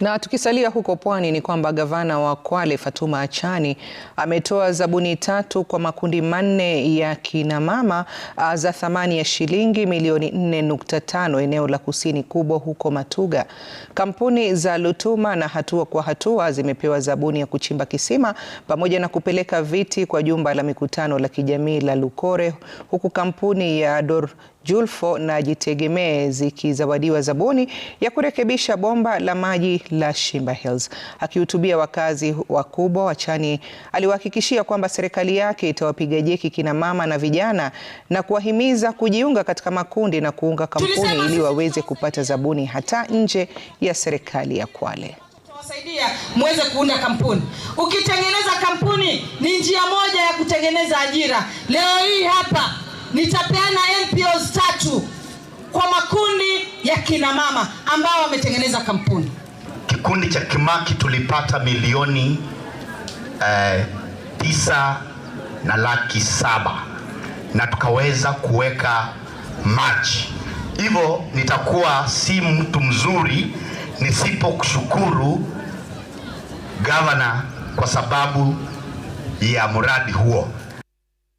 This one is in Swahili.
Na tukisalia huko Pwani ni kwamba gavana wa Kwale Fatuma Achani ametoa zabuni tatu kwa makundi manne ya kinamama ah, za thamani ya shilingi milioni 4.5 eneo la Kusini Kubo huko Matuga. Kampuni za Lutuma na Hatua kwa Hatua zimepewa zabuni ya kuchimba kisima pamoja na kupeleka viti kwa jumba la mikutano la kijamii la Lukore, huku kampuni ya Dor Julfo na Jitegemee zikizawadiwa zabuni ya kurekebisha bomba la maji la Shimba Hills. Akihutubia wakazi wakubwa Wachani aliwahakikishia kwamba serikali yake itawapiga jeki kina mama na vijana na kuwahimiza kujiunga katika makundi na kuunga kampuni ili waweze kupata zabuni hata nje ya serikali ya Kwale wasaidia muweze kuunda kampuni. Ukitengeneza kampuni ni njia moja ya kutengeneza ajira. Leo hii hapa nitapeana NPOs kwa makundi ya kina mama ambao wametengeneza kampuni. Kikundi cha Kimaki tulipata milioni eh, tisa na laki saba na tukaweza kuweka maji. Hivyo nitakuwa si mtu mzuri nisipokushukuru gavana kwa sababu ya mradi huo.